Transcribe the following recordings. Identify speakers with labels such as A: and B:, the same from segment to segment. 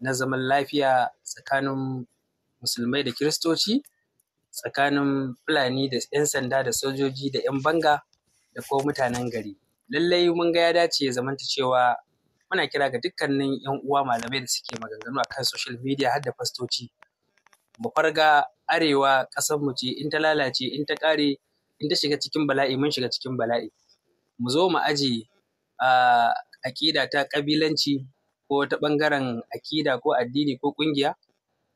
A: na zaman lafiya tsakanin musulmai da kiristoci tsakanin fulani da 'yan sanda da sojoji da 'yan banga da ko mutanen gari lallai mun ga ya dace ya zamanta cewa muna kira ga dukkanin 'yan uwa malamai da suke maganganu a kan social media har da fastoci mu farga arewa ƙasar mu ce in ta lalace in ta ƙare in ta shiga cikin bala'i mun shiga cikin bala'i mu zo mu aje a ah, aƙida ta ƙabilanci ko ta ɓangaren akida ko addini ko ƙungiya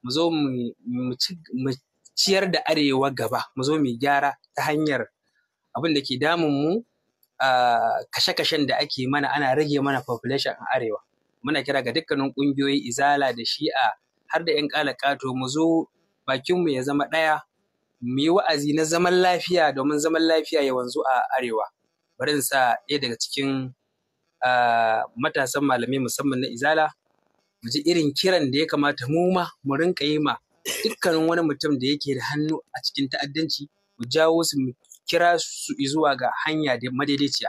A: mu zo mu ciyar da arewa gaba mu zo mu gyara ta hanyar abin da ke damun mu kashe-kashen da ake mana ana rage mana population a arewa muna kira ga dukkanin ƙungiyoyi izala da shi'a har da 'yan ƙato mu zo bakinmu ya zama ɗaya mu yi wa'azi na zaman lafiya domin zaman lafiya ya wanzu a arewa bari sa ɗaya daga cikin matasan malamai musamman na izala mu ji irin kiran da ya kamata mu ma mu rinka yi ma dukkanin wani mutum da yake da hannu a cikin ta'addanci mu jawo su mu kira su zuwa ga hanya da madaidaiciya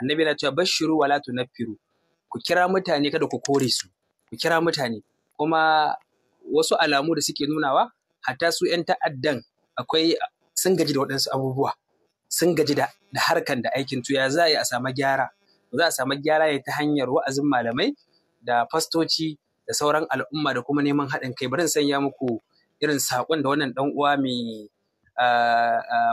A: annabi na cewa bashiru wala tunaffiru ku kira mutane kada ku kore su ku kira mutane kuma wasu alamu da suke nunawa hatta su 'yan ta'addan akwai sun gaji da waɗansu abubuwa sun gaji da harkan da aikin tuya za a yi a samu gyara za a samu gyara ne ta hanyar wa'azin malamai da fastoci da sauran al'umma da kuma neman haɗin kai Barin sanya muku irin saƙon da wannan ɗan uwa mai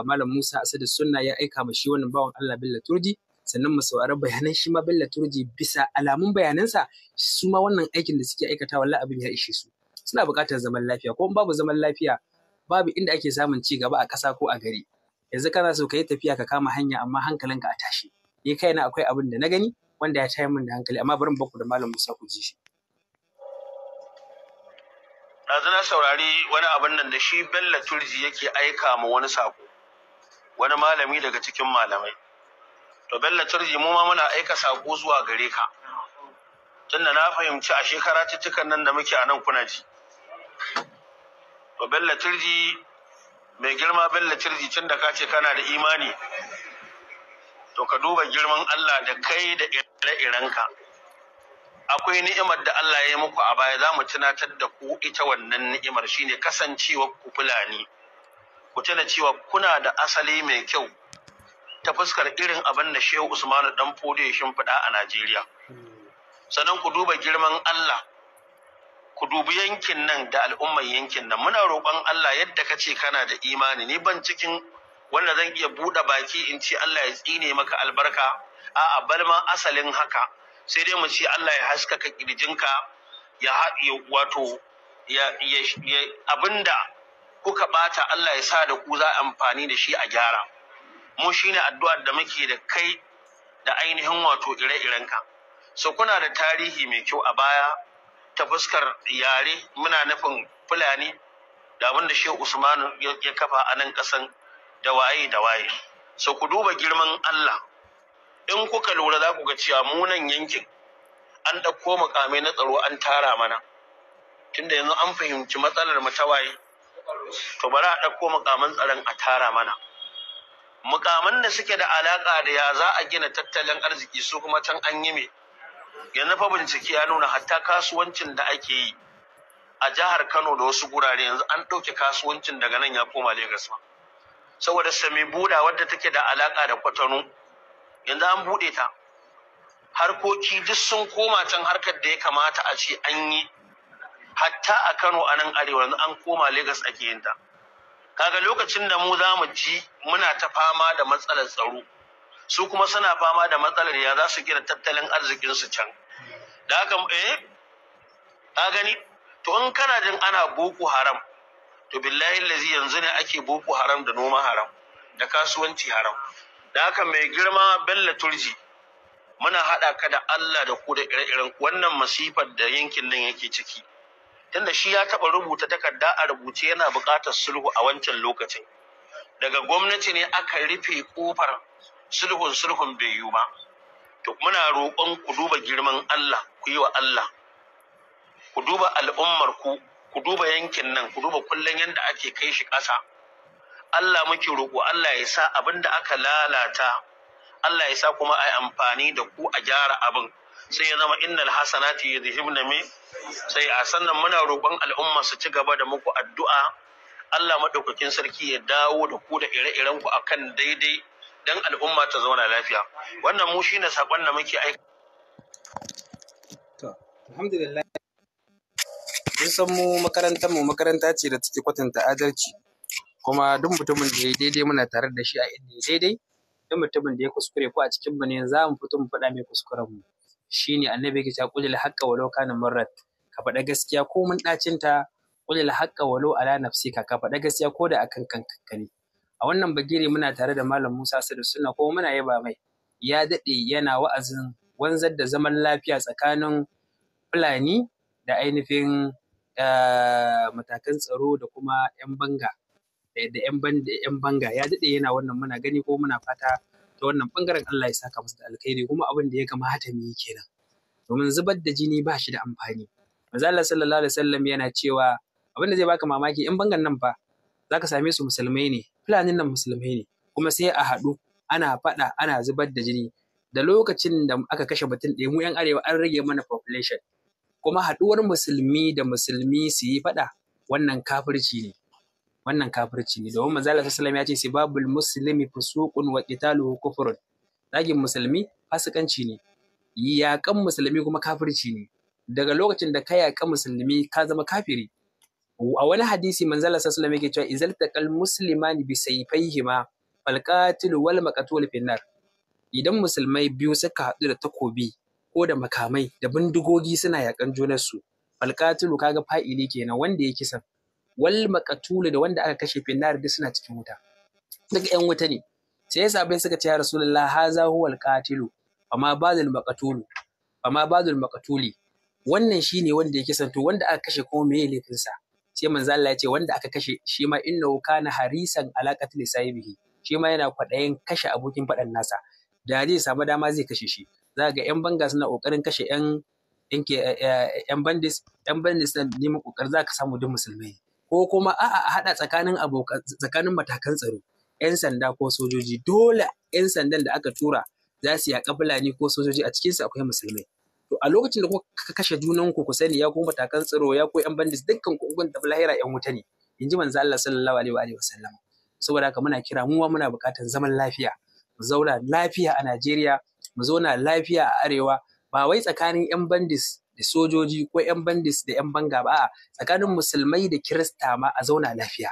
A: malam Musa Asadu Sunna ya aika ma shi wannan bawan Allah Bello Turji sannan mu saurari bayanan shi ma Bello Turji bisa alamun bayanansa su ma wannan aikin da suke aikata wallahi abin ya ishe su suna buƙatar zaman lafiya ko babu zaman lafiya babu inda ake samun ci gaba a ƙasa ko a gari yanzu kana so ka yi tafiya ka kama hanya amma hankalinka a tashi ni kaina akwai abin da na gani wanda ya tayi min da hankali amma bari mu baku da malam Musa ku ji shi
B: yanzu na saurari wani abin nan da shi Bello Turji yake aika ma wani sako wani malami daga cikin malamai to Bello Turji mu ma muna aika sako zuwa gare ka tunda na fahimci a shekara tuttukan nan da muke a nan kuna ji to Bello Turji mai girma Bello Turji tunda ka ce kana da imani to ka duba girman Allah da kai da ire-irenka akwai ni'imar da Allah ya yi muku a baya za mu tunatar da ku ita wannan ni'imar shine kasancewa ku fulani ku tuna cewa kuna da asali mai kyau ta fuskar irin abin da Shehu Usmanu dan Fode ya shimfiɗa a Najeriya sannan ku duba girman Allah ku dubi yankin nan da al'ummar yankin nan muna roƙon Allah yadda kace kana da imani ni ban cikin wanda zan iya buɗe baki in ce Allah ya tsine maka albarka a'a bal asalin haka sai dai mu ce Allah ya haskaka kirjinka ya haɗe wato ya abinda kuka bata Allah ya sa da ku za amfani da shi a gyara mu shine addu'ar da muke da kai da ainihin wato ire-irenka so kuna da tarihi mai kyau a baya ta fuskar yare muna nufin fulani da abin da shehu usmanu ya kafa a nan kasan. da waye da waye so ku duba girman Allah in kuka lura za ku ga cewa mu nan yankin an ɗauko makamai na tsaro an tara mana tunda yanzu an fahimci matsalar mu ta waye to bari a ɗauko makaman tsaron a tara mana mukaman da suke da alaka da ya za a gina tattalin arziki su kuma can an yi me yanzu fa bincike ya nuna hatta kasuwancin da ake yi a jihar Kano da wasu gurare yanzu an ɗauke kasuwancin daga nan ya koma Legas ma. saboda sami buda wadda take da alaka da kwatano yanzu an bude ta harkoki duk sun koma can harkar da ya kamata a ce an yi hatta a Kano a nan arewa yanzu an koma Lagos ake yin ta kaga lokacin da mu za mu ji muna ta fama da matsalar tsaro su kuma suna fama da matsalar ya za su gina tattalin arzikinsu can da haka eh ka gani to in kana jin ana boko haram to billahi lazi yanzu ne ake boko haram da noma haram da kasuwanci haram da haka mai girma bella turji muna haɗa ka da Allah da ku da ire-iren wannan masifar da yankin nan yake ciki tunda shi ya taɓa rubuta takarda a rubuce yana buƙatar sulhu a wancan lokacin daga gwamnati ne aka rufe ƙofar sulhun sulhun bai yiwu ba to muna roƙon ku duba girman Allah ku yi wa Allah ku duba al'ummar ku ku duba yankin nan ku duba kullum yadda ake kai shi ƙasa Allah muke roƙo Allah ya sa abin da aka lalata Allah ya sa kuma a yi amfani da ku a gyara abin sai ya zama innal hasanati yadhhibna me sai a sannan muna roƙon al'umma su ci gaba da muku addu'a Allah maɗaukakin sarki ya dawo da ku da ire-iren ku akan daidai dan al'umma ta zauna lafiya wannan mu shine sakon da muke aika
A: alhamdulillah kun san mu makarantar mu makaranta ce da take kwatanta adalci kuma duk mutumin da ya daidai muna tare da shi a inda ya daidai duk mutumin da ya kuskure ko a cikin mu ne za mu fito mu faɗa mai kuskuren mu shine annabi yake cewa qulil haqqa walau kana marrat ka faɗa gaskiya ko mun dacin ta qulil haqqa walau ala nafsika ka faɗa gaskiya ko da akan kanka ne a wannan bagire muna tare da malam Musa Sadu Sunna ko muna yaba mai ya daɗe yana wa'azin wanzar da zaman lafiya tsakanin Fulani da ainihin Eh, matakan tsaro da kuma 'yan banga da 'yan banga ya daɗe yana wannan muna gani ko muna fata ta wannan bangaren Allah ya saka musu da alkhairi kuma abin da ya kamata mu yi kenan domin zubar da jini ba shi da amfani manzo Allah sallallahu alaihi wasallam yana cewa abin da zai baka mamaki 'yan bangan nan fa zaka same su musulmai ne fulanin nan musulmai ne kuma sai a haɗu ana faɗa ana zubar da jini da lokacin da aka kashe mutum ɗaya mu 'yan arewa an rage mana population kuma haɗuwar musulmi da musulmi su yi faɗa wannan kafirci ne wannan kafirci ne domin manzo Allah sallallahu ya ce sibabul muslimi fusuqun wa qitaluhu kufrun dagin musulmi fasikanci ne yaƙan musulmi kuma kafirci ne daga lokacin da ka yaƙa musulmi ka zama kafiri a wani hadisi manzo Allah sallallahu alaihi wasallam yake cewa izal taqal muslimani bi sayfayhima fal qatil wal maqtul finnar idan musulmai biyu suka haɗu da takobi ko da makamai da bindigogi suna yakan junarsu falqatilu kaga fa'ili kenan wanda ya kisan wal maqatulu da wanda aka kashe finnar da suna cikin wuta Daga yan wuta ne sai yasa suka ce ya rasulullah haza huwal qatilu amma badul maqatulu amma badul maqatuli wannan shine wanda ya kisan to wanda aka kashe ko meye laifinsa sai manzo Allah ya ce wanda aka kashe shi ma innahu kana harisan ala qatli sahibihi shi ma yana kwaɗayin kashe abokin faɗan nasa da zai samu dama zai kashe shi za ga yan banga suna kokarin kashe yan yanke yan bandis yan bandis na neman kokar za ka samu duk musulmai ko kuma a'a a hada tsakanin abokan tsakanin matakan tsaro yan sanda ko sojoji dole yan sandan da aka tura za su yaƙa fulani ko sojoji a cikin su akwai musulmai to a lokacin da kuka kashe junan ku ku sani ya ku matakan tsaro ya ku yan bandis dukkan ku ugun tafi lahira yan wuta ne in ji manzo Allah sallallahu alaihi wa alihi wasallam saboda haka muna kira muwa muna buƙatar zaman lafiya mu zauna lafiya a Najeriya mu zauna lafiya a arewa ba wai tsakanin 'yan bandis da sojoji ko 'yan bandis da 'yan banga ba a tsakanin musulmai da kirista ma a zauna lafiya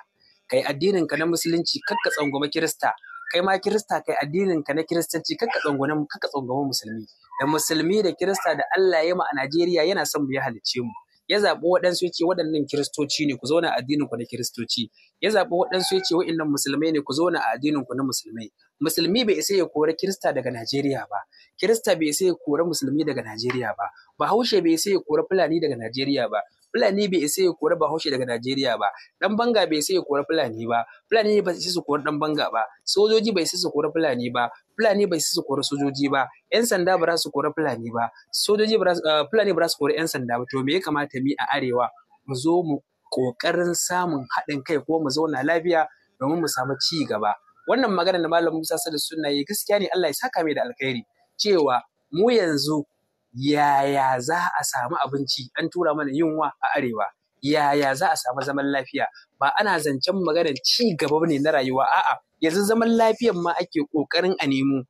A: kai addinin ka na musulunci kakka tsangwama kirista kai ma kirista kai addinin ka na kiristanci kakka tsangwama kakka tsangwama musulmi da musulmi da kirista da Allah ya ma a Najeriya yana son mu ya halicce mu ya zaɓi waɗansu ya ce waɗannan kiristoci ne ku zauna addinin ku na kiristoci ya zaɓi waɗansu ya ce musulmai ne ku zauna a addinin ku na musulmai musulmi bai isa ya kori kirista daga Najeriya ba kirista bai isa ya kori musulmi daga Najeriya ba bahaushe bai isa ya kori fulani daga Najeriya ba fulani bai isa ya kori bahaushe daga Najeriya ba dan banga bai isa ya kori fulani ba fulani bai isa su kori dan banga ba sojoji bai isa su kori fulani ba fulani bai isa su kori sojoji ba yan sanda ba za su kori fulani ba sojoji ba eh, fulani ba za su kori yan sanda ba to me ya kamata mu a arewa mu zo mu kokarin samun haɗin kai ko mu zauna lafiya domin mu samu ci gaba wannan magana da malam Musa sada sunna yi gaskiya ne Allah ya saka mai da alkhairi cewa mu yanzu yaya za a samu abinci an tura mana yunwa a arewa yaya za a samu zaman lafiya ba ana zancen maganar ci gaba ne na rayuwa a'a yanzu zaman lafiyan ma ake kokarin a nemo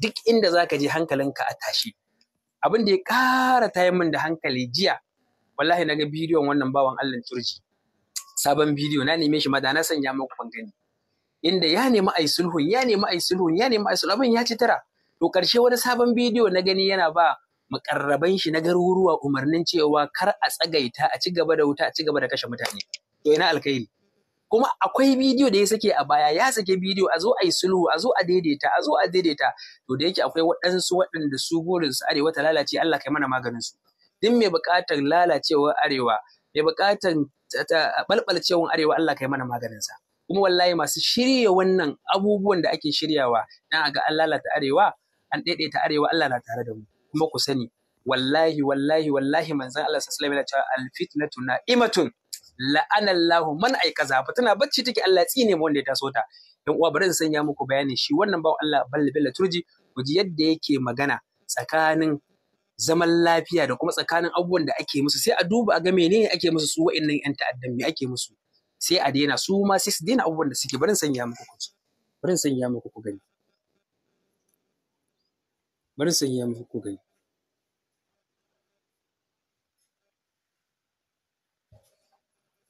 A: duk inda za ka je hankalinka a tashi abin da ya ƙara tayin min da hankali jiya wallahi na ga bidiyon wannan bawan Allah turji sabon bidiyo na neme shi ma da na sanya muku ban gani inda ya nemi yi sulhun ya nemi yi sulhun ya nemi yi sulhun abin ya ci tara to karshe wani sabon bidiyo na gani yana ba mukarraban shi na garuruwa umarnin cewa kar a tsagaita a ci gaba da wuta a ci gaba da kashe mutane to ina alkhairi kuma akwai bidiyo da ya sake a baya ya sake bidiyo a zo a yi sulhu a zo a daidaita a zo a daidaita to da yake akwai waɗansu waɗanda su burin su arewa ta lalace Allah kai mana maganin su duk mai buƙatar lalacewar arewa mai buƙatar balbalcewar arewa Allah kai mana maganin sa kuma wallahi masu shirya wannan abubuwan da ake shiryawa dan ga an lalata arewa an daidaita arewa Allah na tare da mu kuma ku sani wallahi wallahi wallahi manzon Allah sallallahu alaihi wasallam yana alfitnatu na'imatun la'anallahu man aikaza tana bacci take Allah tsine mu wanda ya taso ta yan uwa bari in sanya muku bayani shi wannan bawo Allah balle balle turji ku ji yadda yake magana tsakanin zaman lafiya da kuma tsakanin abubuwan da ake musu sai a duba a ga menene ake musu su wa'annan yan ta'addan me ake musu sai a daina su ma sai su daina abubuwan da suke barin sanya muku ku barin sanya muku ku gani barin sanya muku ku gani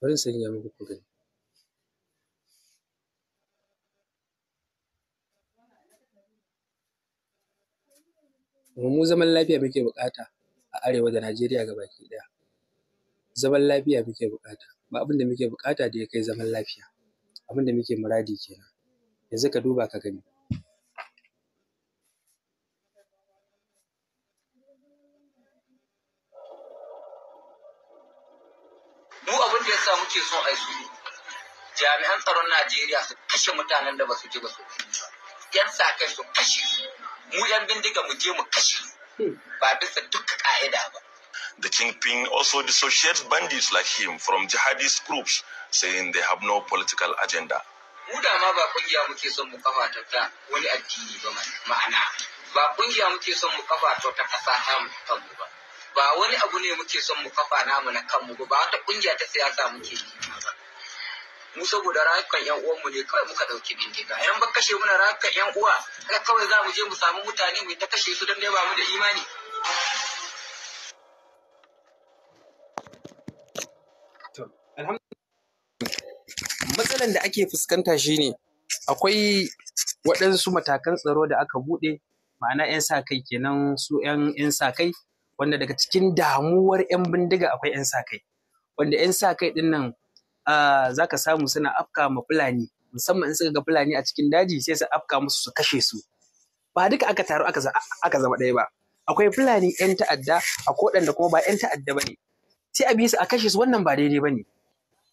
A: barin sanya muku ku gani mu zaman lafiya muke bukata a arewa da Najeriya gabaki daya zaman lafiya muke bukata ba abin da muke buƙata da ya kai zaman lafiya abin da muke muradi kenan yanzu ka duba ka gani mu
C: abin da ya sa muke so a yi su jami'an tsaron najeriya su kashe mutanen da ba su je ba su yan sa kai su kashe mu yan bindiga mu je mu
B: kashe hmm. ba bisa
D: duk ka'ida ba
B: The kingpin also dissociates bandits like him from jihadist groups, saying they have no political agenda.
D: Mu ba
C: kungiya muke son mu kafa ta wani addini ba ma'ana ba kungiya muke son mu kafa ta kasa ta mu kanmu ba ba wani abu ne muke son mu kafa namu na kanmu ba ba wata kungiya ta siyasa muke yi ba mu saboda rayukan yan uwanmu ne kawai muka dauki bindiga idan ba kashe muna rayukan yan uwa kawai za mu je mu samu mutane mu ta kashe su don ne ba
A: mu da imani matsalar da ake fuskanta shine akwai waɗansu matakan tsaro da aka buɗe ma'ana 'yan sa kai kenan su 'yan sa kai wanda daga cikin damuwar 'yan bindiga akwai 'yan sa kai wanda 'yan sa kai ɗin nan za ka samu suna afka ma fulani musamman in suka ga fulani a cikin daji sai su afka musu su kashe su ba duka aka taru aka zama ɗaya ba akwai fulani 'yan ta'adda ɗan da kuma ba 'yan ta'adda ba ne sai a bi su a kashe su wannan ba daidai ba ne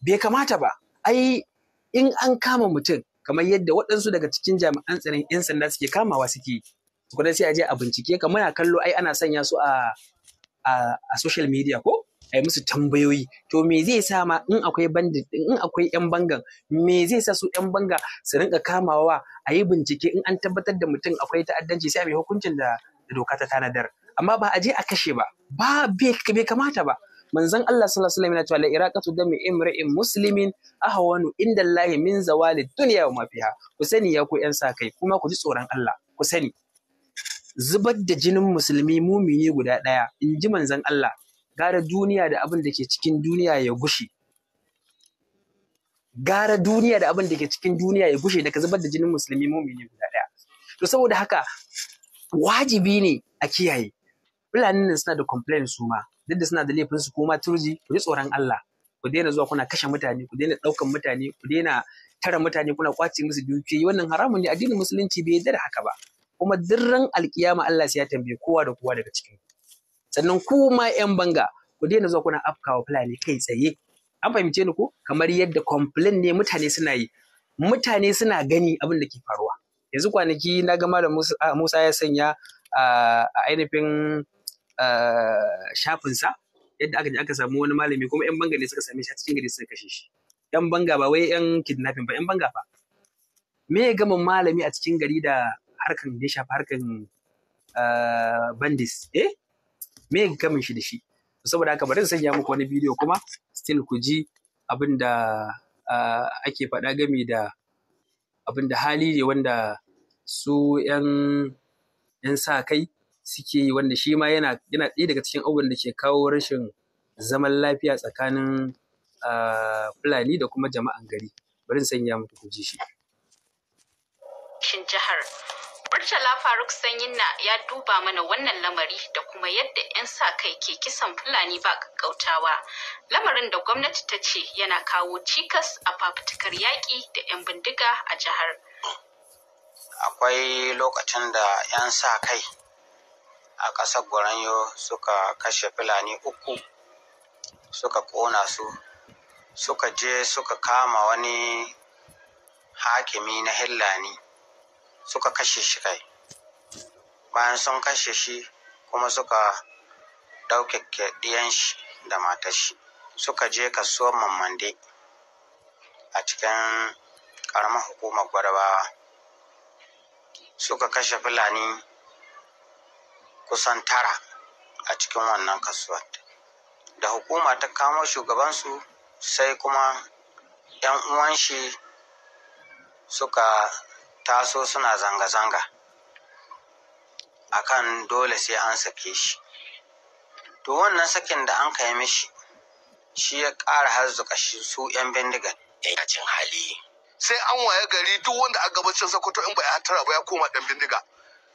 A: bai kamata ba ai in an kama mutum kamar yadda waɗansu daga cikin jami'an tsaron 'yan sanda suke kamawa suke tukuna sai a je a bincike ka muna kallo ai ana sanya su a a social media ko a yi musu tambayoyi to me zai sa ma in akwai bandit in akwai yan bangan me zai sa su yan banga su rinka kamawa a yi bincike in an tabbatar da mutum akwai ta'addanci sai a mai hukuncin da doka ta tanadar amma ba a je a kashe ba ba bai kamata ba manzon Allah sallallahu alaihi wasallam yana cewa iraqatu dami imri'in muslimin ahwanu inda Allah min zawali dunya wa mafiha ku sani ya ku yan sa kai kuma ku ji tsoron Allah ku sani zubar da jinin musulmi mumini guda ɗaya in ji manzon Allah gara duniya da abin da ke cikin duniya ya gushe gara duniya da abin da ke cikin duniya ya gushe daga zubar da jinin musulmi mumini guda ɗaya to saboda haka wajibi ne a kiyaye Fulani nan suna da complain su ma duk da suna da laifin su kuma turji ku ji tsoron Allah ku daina zuwa kuna kashe mutane ku daina ɗaukan mutane ku daina tara mutane kuna kwace musu dukiyoyi wannan haramun ne addinin musulunci bai yarda da haka ba kuma dirran alkiyama Allah sai ya tambaye kowa da kowa daga cikin sannan ku ma yan banga ku daina zuwa kuna afkawa fulani kai tsaye an fahimce ni ko kamar yadda complain ne mutane suna yi mutane suna gani abin da ke faruwa yanzu kwanaki na ga malam Musa ya sanya ah, a ainihin shafinsa yadda aka je aka samu wani malami kuma yan banga ne suka same shi a cikin gari suka kashe shi yan banga ba wai yan kidnapping ba yan banga fa me ya gama malami a cikin gari da harkan da ya shafi harkan eh, bandis eh me ya gama shi da shi saboda haka bari sanya muku wani bidiyo kuma still ku ji abin da eh, ake faɗa game da abin da hali ne wanda su 'yan sa kai suke yi wanda shi ma yana yana ɗaya daga cikin abubuwan da ke kawo rashin zaman lafiya tsakanin ah, Fulani da kuma jama'an gari. Bari sanya muku ku shi. Shin jihar Murtala Faruk Sanyinna ya duba mana wannan lamari da kuma yadda 'yan sa kai ke kisan Fulani ba gaggautawa. Lamarin da gwamnati ta ce yana kawo cikas a fafutukar yaƙi da 'yan bindiga a jihar.
E: Akwai lokacin da 'yan sa kai a ƙasar Goranyo suka kashe Fulani uku suka ƙona su suka je suka kama wani hakimi na Hillani suka kashe shi kai bayan sun kashe shi kuma suka ɗauke ɗiyan shi da matar shi suka je kasuwar mamande a cikin ƙaramar hukumar gwadabawa suka kashe fulani kusan tara a cikin wannan kasuwar da hukuma ta kamo shugabansu sai kuma 'yan uwan shi suka taso suna zanga-zanga akan dole sai an sake shi to wannan sakin da an kai mishi shi ya ƙara harzuka shi su 'yan bindigar. cin hali sai an waye gari duk
B: wanda a gabacin sokoto in ba ya tara ba ya koma ɗan bindiga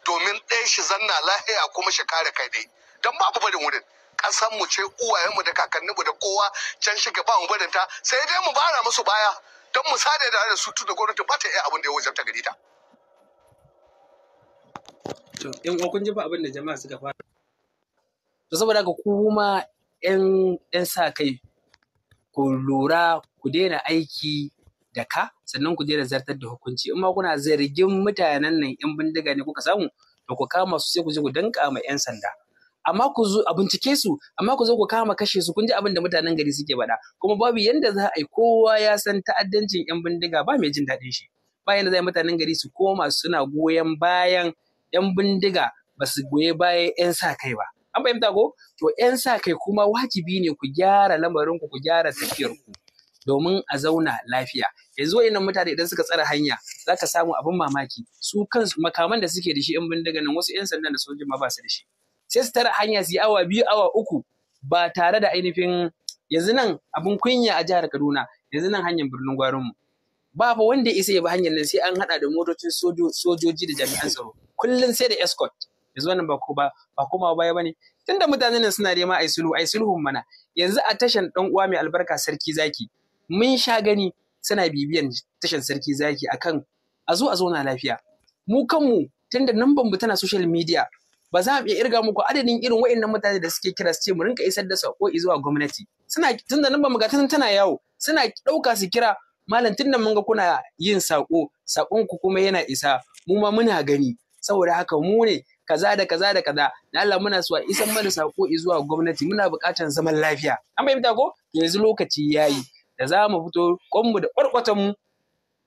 B: domin ɗaya shi zanna lahiya kuma shi kare kai dai don babu barin wurin ƙasan mu ce uwayenmu da kakanninmu da kowa can shiga ba mu barin ta sai dai mu bara musu baya don mu sada da su tun da gwamnati ba ta iya abin da ya
A: wajen ta gari ta. To, ‘yan uwa kun ji ba abin da jama'a suka fara. To, saboda ka kuma ‘yan sa kai ku lura ku daina aiki da ka sannan ku je da zartar da hukunci in ma kuna zargin mutanen nan yan bindiga ne kuka samu to ku kama su sai ku je ku danka ma yan sanda amma ku zo a bincike su amma ku zo ku kama kashe su kun ji abin da mutanen gari suke bada? kuma babu yanda za a yi kowa ya san ta'addancin yan bindiga ba mai jin daɗin shi ba yanda za mutanen gari su koma suna goyon bayan yan bindiga ba su goye bayan yan sa kai ba an fahimta ko to yan sa kai kuma wajibi ne ku gyara lamarin ku ku gyara tafiyar ku domin a zauna lafiya yanzu wayannan mutane idan suka tsare hanya za ka samu abin mamaki su kansu makaman da suke da shi yan bindiga nan wasu yan sanda da sojoji ma ba su da shi sai su tara hanya su yi awa biyu awa uku ba tare da ainihin yanzu nan abin kunya a jihar Kaduna yanzu nan hanyar birnin Gwarinmu ba fa wanda ya isa ya bi hanyar nan sai an hada da motocin sojoji da jami'an tsaro kullum sai da escort yanzu wannan ba ba ba kuma baya bane tunda mutanen nan suna nema ai sulhu ai sulhun mana yanzu a tashan dan uwa mai albarka sarki zaki mun sha gani suna bibiyan tashan sarki zaki akan a zo a zauna lafiya mu kanmu tunda namban mu tana social media ba za mu iya irga muku adadin irin waɗannan mutane da suke kira su ce mu rinka isar da sako zuwa gwamnati suna tunda nan mu ga tana yawo suna ɗauka su kira malam tunda mun ga kuna yin sako sakon ku kuma yana isa mu ma muna gani saboda haka mu ne kaza da kaza da kaza da Allah muna so a isan mana sako zuwa gwamnati muna buƙatar zaman lafiya an fahimta ko yanzu lokaci yayi da za mu fito kwanmu da kwarkwatan mu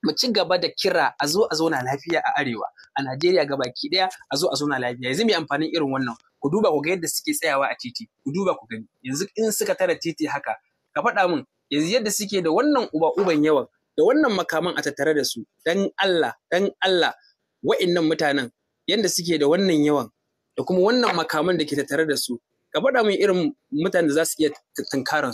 A: mu ci gaba da kira a zo a zauna lafiya a arewa a Najeriya ga baki ɗaya a zo a zauna lafiya yanzu mai amfanin irin wannan ku duba ku ga yadda suke tsayawa a titi ku duba ku gani yanzu in suka tara titi haka ka faɗa min yanzu yadda suke da wannan uba uban yawan da wannan makaman a tattare da su dan Allah dan Allah wa'innan mutanen yadda suke da wannan yawan da kuma wannan makaman da ke tattare da su ka faɗa min irin mutanen da za su iya tunkaran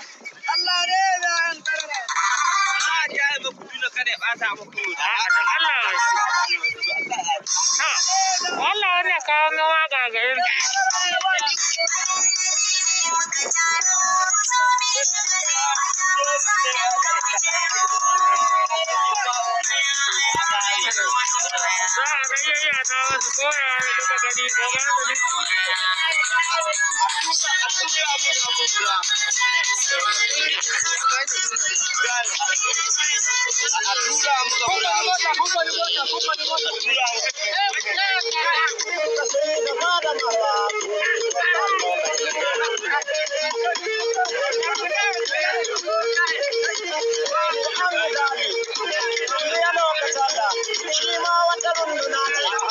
A: kada
E: ya bata muku a'a Allah
D: ha wannan wanda
E: kawo min waka garin Za
D: a ga iya wasu koyawa Pagani Ogan.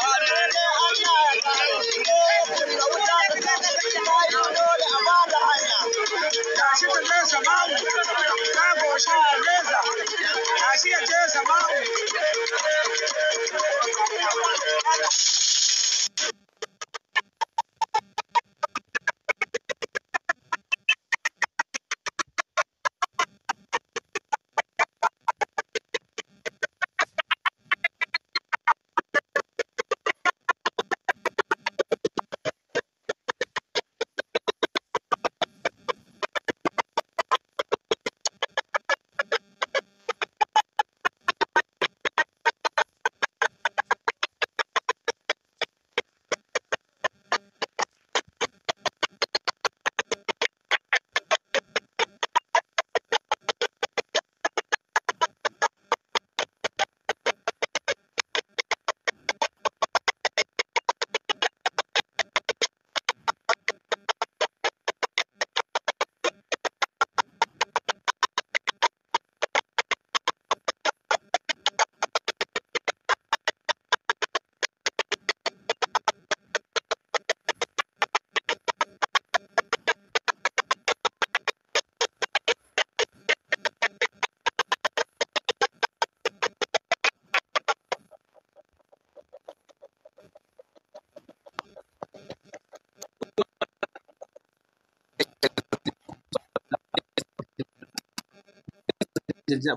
C: chamar,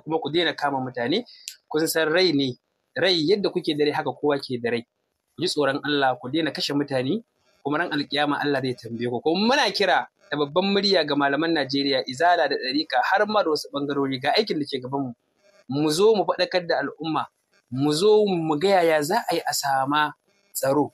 A: kuma ku daina kama mutane kun san rai ne rai yadda kuke da rai haka kowa ke da rai ku ji tsoron Allah ku daina kashe mutane kuma ran alkiyama Allah zai tambaye ku kuma muna kira da babban murya ga malaman Najeriya izala da ɗarika har ma da wasu bangarori ga aikin da ke gabanmu mu zo mu faɗakar da al'umma mu zo mu ga yaya za a yi a sama tsaro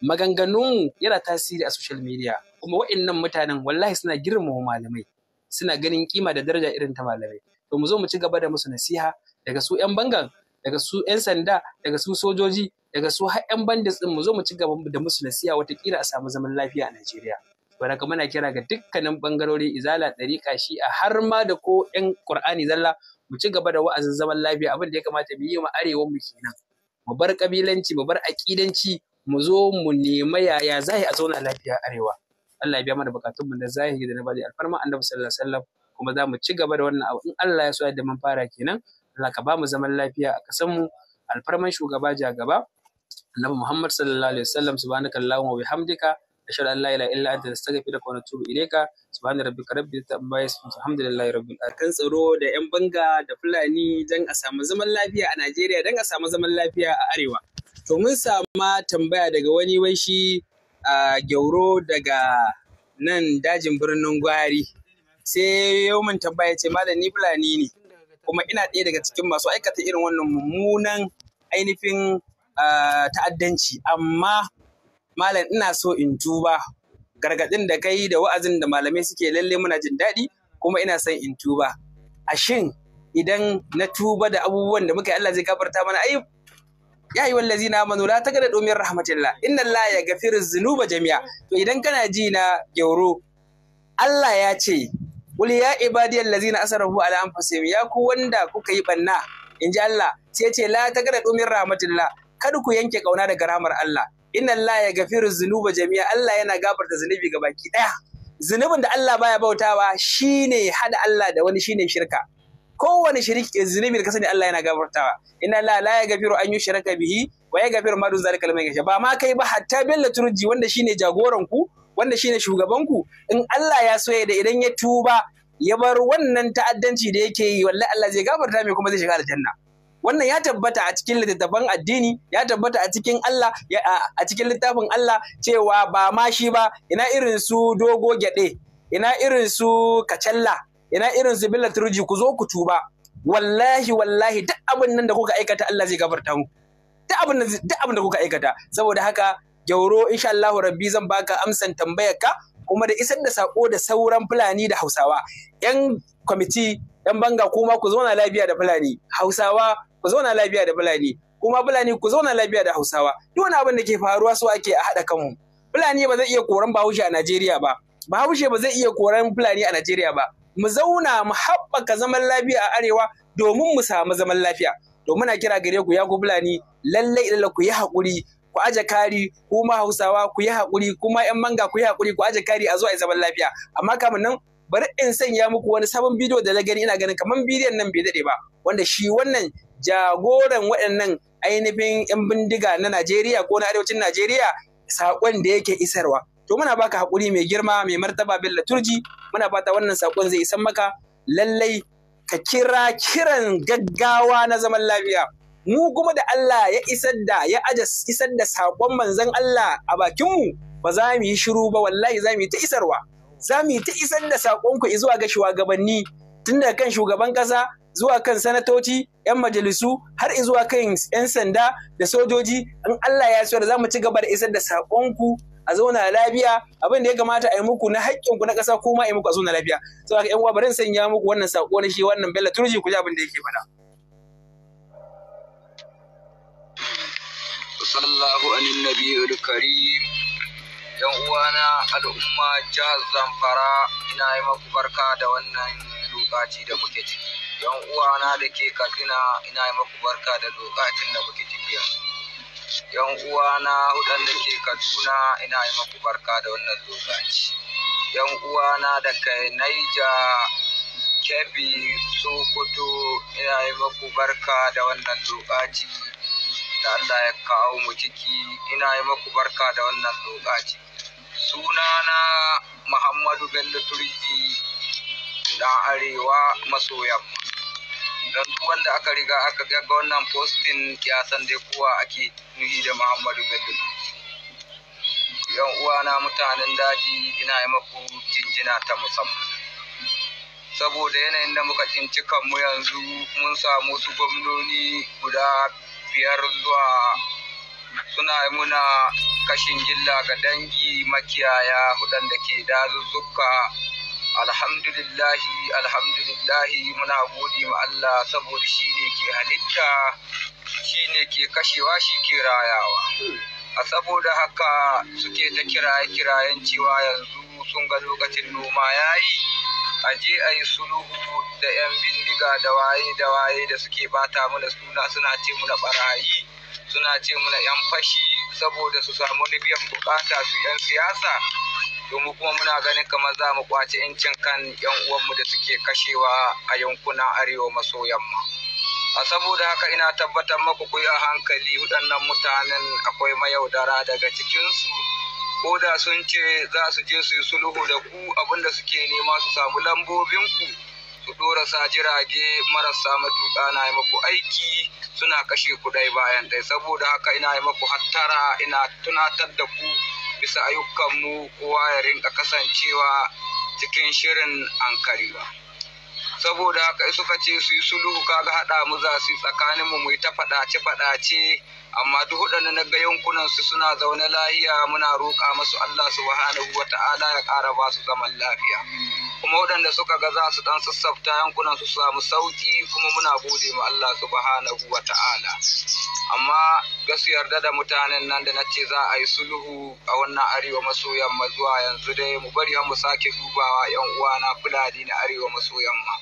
A: Maganganun yana tasiri a social media kuma wa'annan mutanen wallahi suna girmama malamai suna ganin kima da daraja irin ta malamai to mu zo mu ci gaba da musu nasiha daga su 'yan bangan daga su 'yan sanda daga su sojoji daga su har 'yan bandits din mu zo mu ci gaba da musu nasiha watakila a samu zaman lafiya a Najeriya. kuma muna kira ga dukkanin bangarori izala ɗariƙa shi a har ma da ko 'yan Ƙur'ani zalla mu ci gaba da wa'azin zaman lafiya abin da ya kamata mu yi ma arewa mu kenan. Mu bar ƙabilanci mu bar aƙidanci mu zo mu nema yaya za a zauna lafiya arewa. Allah ya biya mana bukatunmu na zahiri da na bali alfarma annabi sallallahu alaihi wasallam kuma za mu ci gaba da wannan abu in Allah ya so yadda mun fara kenan Allah ka ba mu zaman lafiya a kasan mu alfarman shugaba ja gaba annabi Muhammad sallallahu alaihi wasallam subhanakallahumma wa bihamdika ashhadu an la ilaha illa anta astaghfiruka wa atubu ilayka subhana rabbika rabbil izzati amma yasifun alhamdulillahi rabbil alamin kan tsaro da yan banga da fulani dan a samu zaman lafiya a Najeriya dan a samu zaman lafiya a arewa to mun sama tambaya daga wani wai shi a ah, Gyauro daga nan dajin birnin Gwari sai yau mun tambaya ce malam ni fulani ne kuma ina ɗaya daga cikin masu aikata irin wannan mummunan ainihin ah, ta'addanci amma malam ina so in tuba gargaɗin da kai da wa'azin da malamai suke lalle muna jin daɗi kuma ina son in tuba a shin idan na tuba da abubuwan da muka yi Allah zai gafarta mana ai ya yi wallazi na amanu la ta gada domin rahmatillah inna Allah ya gafiru zunuba jami'a to idan kana ji na gyauro Allah ya ce Kuli ya ibadiyar lazina asrafu ala anfusihim ya ku wanda kuka yi banna in ji Allah sai ce la tagradu min rahmatillah kada ku yanke kauna daga rahmar Allah inna Allah ya gafiru zunuba jami'a Allah yana gafarta zunubi ga baki daya zunubin da Allah baya bautawa shine hada Allah da wani shine shirka kowane shirki eh, zunubi da ka Allah yana gafartawa inna la la ya gafiru an shirka bihi wa ya gafiru ma dun zalika liman yasha ba ma kai ba hatta billa turji wanda shine jagoran ku wanda shine shugabanku in Allah ya so da idan ya tuba ya bar wannan ta'addanci da yake yi wallahi Allah zai gafarta mai kuma zai shiga aljanna wannan ya tabbata a cikin littattafan addini ya tabbata a cikin Allah a cikin littafin Allah cewa ba ma shi ba ina irin su dogo gyade ina irin su kacalla ina irin su turji ku zo ku tuba wallahi wallahi duk abin nan da kuka aikata Allah zai gafarta mu duk abin da kuka aikata saboda haka Yauro, insha Allah rabbi zan baka amsan tambayar ka kuma da isar da sako da sauran Fulani da Hausawa. Yan kwamiti yan banga kuma ku zauna lafiya da Fulani. Hausawa ku zauna lafiya da Fulani. Kuma Fulani ku zauna lafiya da Hausawa. Duk wani abin da ke faruwa su ake a haɗa kanmu. Fulani ba zai iya koran Bahaushe a Najeriya ba. Bahaushe ba zai iya koran Fulani a Najeriya ba. Mu zauna mu haɓaka zaman lafiya a Arewa domin mu samu zaman lafiya. To muna kira gare ku ya ku Fulani lallai lallai ku yi haƙuri ku aje kari kuma hausawa ku yi haƙuri kuma yan manga ku yi haƙuri ku aje kari a zuwa zaman lafiya amma kamin nan bari in sanya muku wani sabon bidiyo da na gani ina ganin kamar bidiyon nan bai daɗe ba wanda shi wannan jagoran waɗannan ainihin yan bindiga na Najeriya ko na arewacin Najeriya sakon da yake isarwa to muna baka haƙuri mai girma mai martaba Bello Turji muna fata wannan sakon zai isan maka lallai ka kira kiran gaggawa na zaman lafiya mu kuma da Allah ya isar da ya aja isar da saƙon manzon Allah a bakinmu ba za mu yi shiru ba wallahi za mu yi ta isarwa za mu yi ta isar da saƙonku zuwa ga shugabanni tun daga kan shugaban ƙasa zuwa kan sanatoci 'yan majalisu har zuwa kan 'yan sanda da sojoji in Allah ya so da za mu ci gaba da isar da saƙonku a zauna lafiya abin da ya kamata a yi muku na haƙƙinku na ƙasa kuma a yi muku a zauna lafiya saboda ƴan uwa bari sanya muku wannan saƙo na shi wannan Bello Turji ku ji abin da yake faɗa.
C: sallallahu alaihi nabiyul karim yan uwana al'umma jihar zamfara ina yi maku barka da wannan lokaci da muke ciki yan uwana da ke katsina ina yi maku barka da lokacin da muke ciki yan uwana hudan da ke kaduna ina yi maku barka da wannan lokaci yan uwana da kai naija kebbi sokoto ina yi maku barka da wannan lokaci da Allah ya kawo mu ciki ina yi maku barka da wannan lokaci sunana Muhammadu Bello Turiji da arewa maso yamma don wanda aka riga aka ga wannan postin ya san dai kowa ake nuhi da Muhammadu Bello Turji yan uwana mutanen daji ina yi maku jinjina ta musamman saboda yanayin da muka cinci kanmu yanzu mun samu su gwamnoni guda biyar zuwa suna muna kashin gilla ga dangi makiyaya hudanda ke dazuzzuka alhamdulillahi alhamdulillahi muna gode ma Allah saboda shi ne ke halitta shi ne ke kashewa shi ke rayawa a saboda haka suke ta kiraye kirayen cewa yanzu sun ga lokacin noma yayi a je a yi sulhu da 'yan bindiga da waye da waye da suke bata mana suna suna ce muna barayi suna ce muna 'yan fashi saboda su samu biyan bukata su 'yan siyasa domin kuma muna ganin kamar za mu kwace 'yancin kan 'yan uwanmu da suke kashewa a yankunan arewa maso yamma a saboda haka ina tabbatar maku ku yi a hankali waɗannan mutanen akwai mayaudara daga cikinsu ko da sun ce za su je su yi sulhu da ku abinda suke nema su samu lambobinku su dora sa jirage marasa matuƙa na yi maku aiki suna kashe ku ɗai bayan ɗai saboda haka ina yi maku hattara ina tunatar da ku bisa ayyukanmu kowa ya rinka kasancewa cikin shirin ankarewa saboda haka suka ce su yi sulhu kaga haɗa mu za su yi tsakaninmu mu yi ta faɗace-faɗace amma duk waɗanda na ga yankunan su suna zaune lahiya muna roƙa musu Allah subhanahu wata'ala ya ƙara ba su zaman lafiya kuma waɗanda suka ga za su dan sassafta yankunan su samu sauki kuma muna gode ma Allah subhanahu wata'ala amma ga su yarda da mutanen nan da nace za a yi sulhu a wannan arewa maso yamma zuwa yanzu dai mu bari mu sake dubawa yan uwana fulani na arewa maso yamma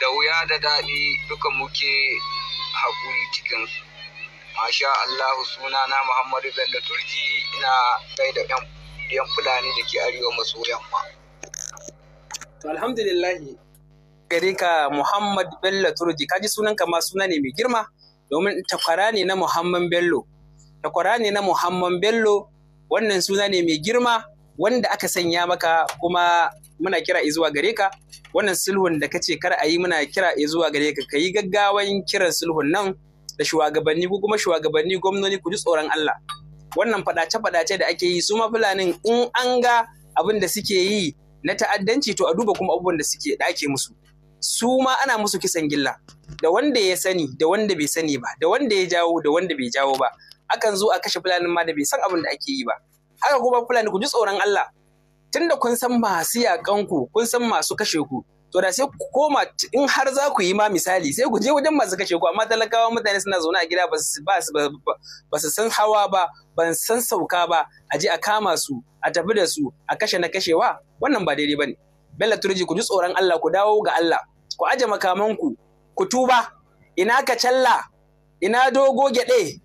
C: da wuya da daɗi duka muke haƙuri cikinsu masha Allah suna na Muhammadu Bello Turji ina kai da yan Fulani da ke arewa maso yamma.
A: To alhamdulillahi gare ka Muhammad Bello Turji kaji sunan ka ma suna ne mai girma domin takwara ne na Muhammad Bello. Takwara ne na Muhammad Bello wannan suna ne mai girma wanda aka sanya maka kuma muna kira izuwa gare ka wannan sulhun da kace kar a yi muna kira zuwa gare ka ka yi gaggawan kiran sulhun nan da shugabanni ko kuma shugabanni gwamnoni ku ji tsoron Allah wannan fadace-fadace da ake yi su ma fulanin in an ga abin da suke yi na ta'addanci to a duba kuma abubuwan da suke da ake musu su ma ana musu kisan gilla da wanda ya sani da wanda bai sani ba da wanda ya jawo da wanda bai jawo ba akan zo a kashe fulanin ma da bai san abin da ake yi ba haka kuma fulani ku ji tsoron Allah tunda kun san masu ku kun san masu kashe ku to da sai ku koma in har za ku yi ma misali sai ku je wajen masu kashe ku amma talakawa mutane suna zaune a gida ba su san hawa ba ban san sauka ba a je a kama su a tafi da su a kashe na kashewa wannan ba daidai bane bella turji ku ji tsoron Allah ku dawo ga Allah ku aje makamanku ku tuba ina kacalla ina dogo gyade,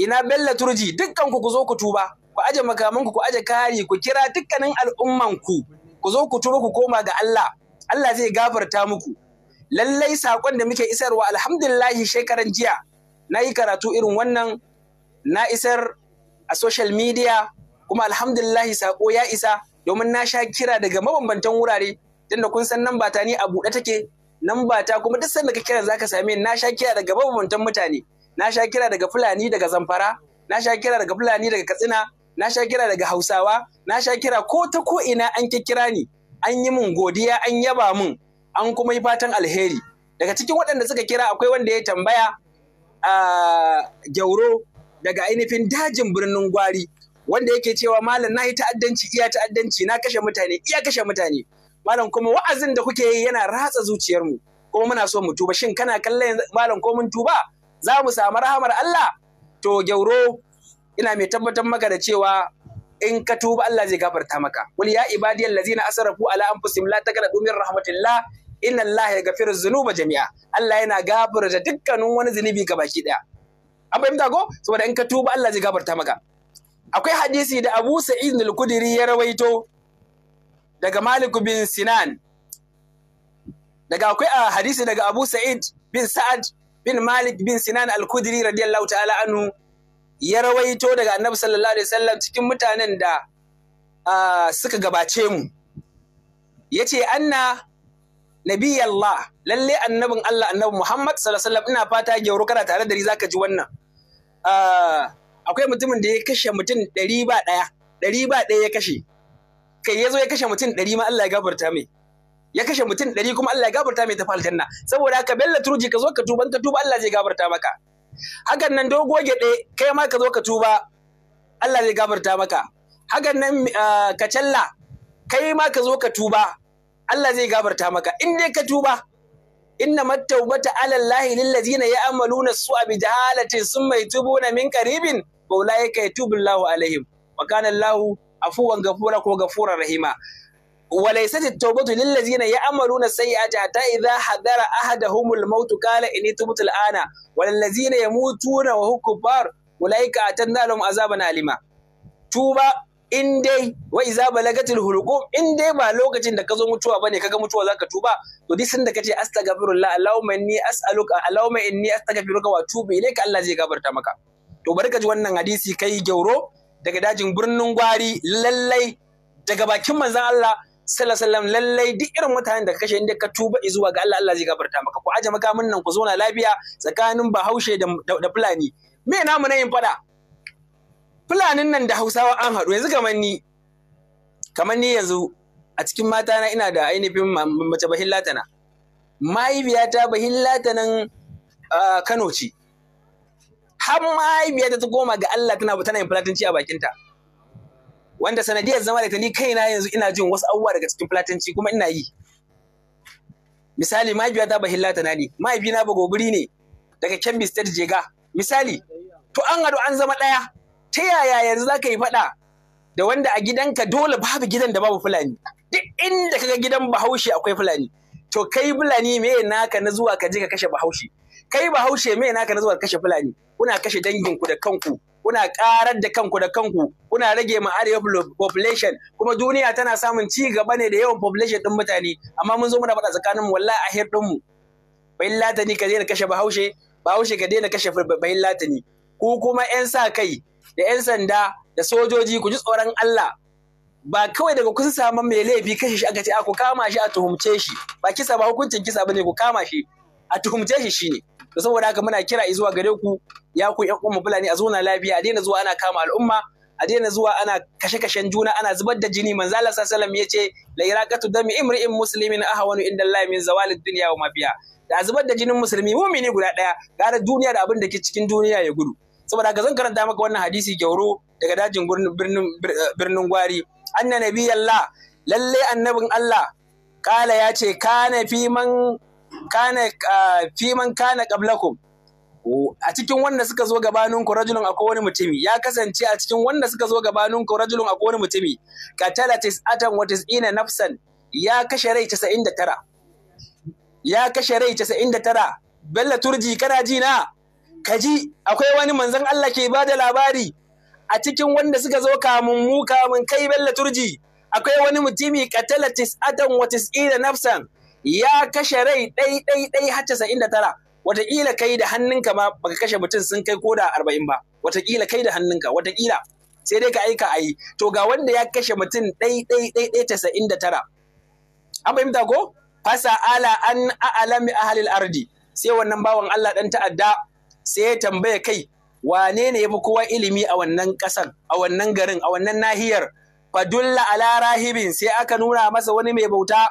A: ina bella turji dukkan ku zo ku tuba ku aje makamanku ku aje kari ku kira dukkanin al'ummanku ku zo ku tuba ku koma ga Allah Allah zai gafarta muku lallai saƙon da muke isarwa alhamdulillahi shekaran jiya na yi karatu irin wannan na isar a social media kuma alhamdulillahi saƙo ya isa domin na sha kira daga mabambantan wurare tunda kun san nan ta ni a buɗe take nan ta kuma duk sanda ka kira za ka same na sha kira daga mabambantan mutane na sha kira daga fulani daga zamfara na sha kira daga fulani daga katsina na sha kira daga hausawa na sha kira ko ta ko ina an kira ni an yi mun godiya an yaba mun an kuma yi fatan alheri daga cikin waɗanda suka kira akwai wanda ya tambaya a gyauro daga ainihin dajin birnin gwari wanda yake cewa malam na yi ta'addanci iya ta'addanci na kashe mutane iya kashe mutane malam kuma wa'azin da kuke yi yana ratsa zuciyarmu kuma muna so mu tuba shin kana kallon malam ko mun tuba za mu samu rahamar Allah to gyauro ina mai tabbatar maka da cewa in ka tuba Allah zai gafarta maka wal ya ibadiyal ladina asrafu ala anfusihim la taqnatu min rahmatillah inna Allah yaghfiru dhunuba jami'a Allah yana gafarta dukkanin wani zunubi baki daya an fahimta ko saboda in ka tuba Allah zai gafarta maka akwai hadisi da Abu Sa'id al-Khudri ya rawaito daga Malik bin Sinan daga akwai ah, hadisi daga Abu Sa'id bin Sa'ad bin Malik bin Sinan al-Khudri radiyallahu ta'ala anhu ya rawaito daga annabi sallallahu alaihi wasallam cikin mutanen da suka gabace mu yace anna nabiyallah lalle annabin Allah annabi Muhammad sallallahu alaihi wasallam ina fata gyauro kana tare da ni zaka ji wannan akwai mutumin da ya kashe mutum ɗari ba ɗaya ɗari ba ɗaya ya kashe kai ya zo ya kashe mutum ɗari ma Allah ya gafarta mai ya kashe mutum ɗari kuma Allah ya gafarta mai ta faltanna saboda haka bella turji ka zo ka tuban ka tuba Allah zai gafarta maka hakan nan dogo gyaɗe kai ma ka zo ka tuba Allah zai gafarta maka hakan nan ah, kacalla kai ma ka zo ka tuba Allah zai gafarta maka in dai ka tuba inna mattaubata ala Allah lillazina ya'maluna su'a bi jahalatin summa yatubuna min qaribin wa ulaika yatubu Allahu alaihim wa kana Allahu afuwan gafura ko gafura rahima Walaisa jatobe tuni Lazina ya amma nuna sai yaya ta, hadara a hada humulma, mutu kala ina mutu al'ana, wani Lazina ya mutu na hukumar kulaiƙa ta naɗa ma'azaban alima? Tuɓa in dai, wai za ba lagatul in dai ba a lokacin da ka zo mutuwa ba ne, ka ga mutuwa za ka tuɓa? kace suna daga cikin asɗagabarru, la'alaume, in ne asɗagafi ruƙawa, tuɓe, Allah zai gabar maka. To bari ka ji wannan hadisi, ka gauro gyauro, daga dajin birnin gwari, lallai, daga bakin mazan Allah. sallallahu lallai duk irin mutanen da ka kashe inda ka tuba zuwa ga Allah Allah zai gafarta maka ku aje makamin nan ku zo na lafiya tsakanin Bahaushe da Fulani me namu na yin fada Fulanin nan da Hausawa an haɗu yanzu kamar ni kamar ni yanzu a cikin mata na ina da ainihin mace bahillatana mahaifiyata bahillatanan Kano ce har mahaifiyata ta goma ga Allah tana tana yin fulatanci a bakinta wanda sanadiyar zama da ta ni kaina yanzu ina jin wasu abubuwa daga cikin fulatanci kuma ina yi misali mahaifiya ta bahilla ta nani mahaifina bagoguri ne daga kebbi state jega misali to an haɗu an zama ɗaya ta yaya yanzu za ka yi faɗa da wanda a gidanka dole babu gidan da babu fulani duk inda kaga gidan bahaushe akwai fulani to kai fulani me naka na zuwa ka je ka kashe bahaushe kai bahaushe me naka na zuwa ka kashe fulani kuna kashe danginku da kanku kuna karar da kanku da kanku kuna rage ma arewa population kuma duniya tana samun ci gaba ne da yawan population din mutane amma mun zo muna faɗa tsakaninmu wallahi a mu ɗinmu bayin latani ka daina kashe bahaushe bahaushe ka daina kashe bayin latani ku kuma 'yan sa kai da 'yan sanda da sojoji ku ji tsoron Allah ba kawai daga kun samu mai laifi kashe shi aka ce a ku kama shi a tuhumce shi ba kisa ba hukuncin kisa bane ku kama shi a tuhumce shi shine to saboda haka muna kira zuwa gare ku ya ku ƴan umma fulani a zauna lafiya a daina zuwa ana kama al'umma a daina zuwa ana kashe-kashen juna ana zubar da jini manzo Allah sallallahu alaihi wasallam ce la iraqatu dami imri'in muslimin ahwanu inda Allah min zawalid dunya wa ma da zubar da jinin musulmi mumini guda daya gara duniya da abin da ke cikin duniya ya gudu saboda haka zan karanta maka wannan hadisi gyauro daga dajin birnin birnin gwari anna nabiyallah lalle annabin Allah kala ya ce kana fi man kana ah, fiman kana qablakum a cikin wanda suka zo gabanin ku rajulun akwai wani mutumi ya kasance a cikin wanda suka zo gabanin ku rajulun akwai wani mutumi qatala tis'atan wa tis'ina nafsan ya kashe rai 99 ya kashe rai 99 bella turji kana ji na kaji akwai wani manzon Allah ke bada labari a cikin wanda suka zo kamun mu kamun kai bella turji akwai wani mutumi qatala tis'atan wa tis'ina nafsan ya kashe rai ɗai ɗai ɗai har casa'in da tara wataƙila kai da hannunka ma baka kashe mutum sun kai ko da arba'in ba wataƙila kai da hannunka wataƙila sai dai ka aika a yi to ga wanda ya kashe mutum ɗai ɗai ɗai ɗai casa'in da tara an fahimta ko fasa ala an a'alami ahalil ardi sai wannan bawan Allah ɗan ta'adda sai ya tambaya kai wane ne ya fi kowa ilimi a wannan ƙasar a wannan garin a wannan nahiyar fadulla ala rahibin sai aka nuna masa wani mai bauta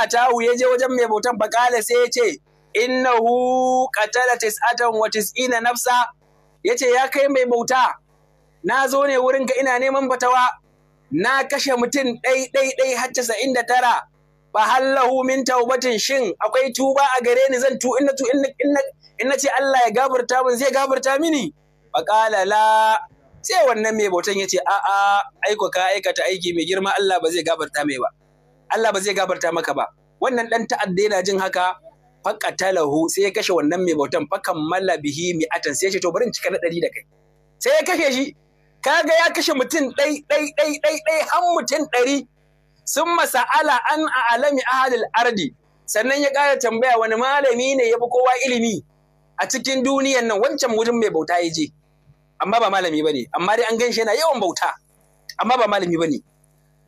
A: a tawu ya je wajen mai bautan faƙala sai ya ce innahu qatala tis'atan wa tis'ina nafsa yace ya kai mai bauta na zo ne wurin ka ina neman batawa na kashe mutum ɗai ɗai ɗai har casa'in da tara ba hallahu min taubatin shin akwai tuba a gare ni zan tu inna tu inna ce Allah ya gafarta min zai gafarta mini faqala la sai wannan mai bautan yace a a aiko ka aikata aiki mai girma Allah ba zai gafarta mai ba Allah ba zai gabarta maka ba wannan dan ta'adda yana jin haka lahu, sai ya kashe wannan mai bautan fakan kammala bihi mi'atan sai ya ce to bari in cika na 100 da kai sai ya kashe shi kaga ya kashe mutum ɗai ɗai ɗai ɗai ɗai har mutum ɗari sun masa'ala an a alami ahadil ardi sannan ya ƙara tambaya wani malami ne ya fi kowa ilimi a cikin duniyan nan wancan wurin mai bauta ya je amma ba malami ba amma dai an gan yana yawan bauta amma ba malami ba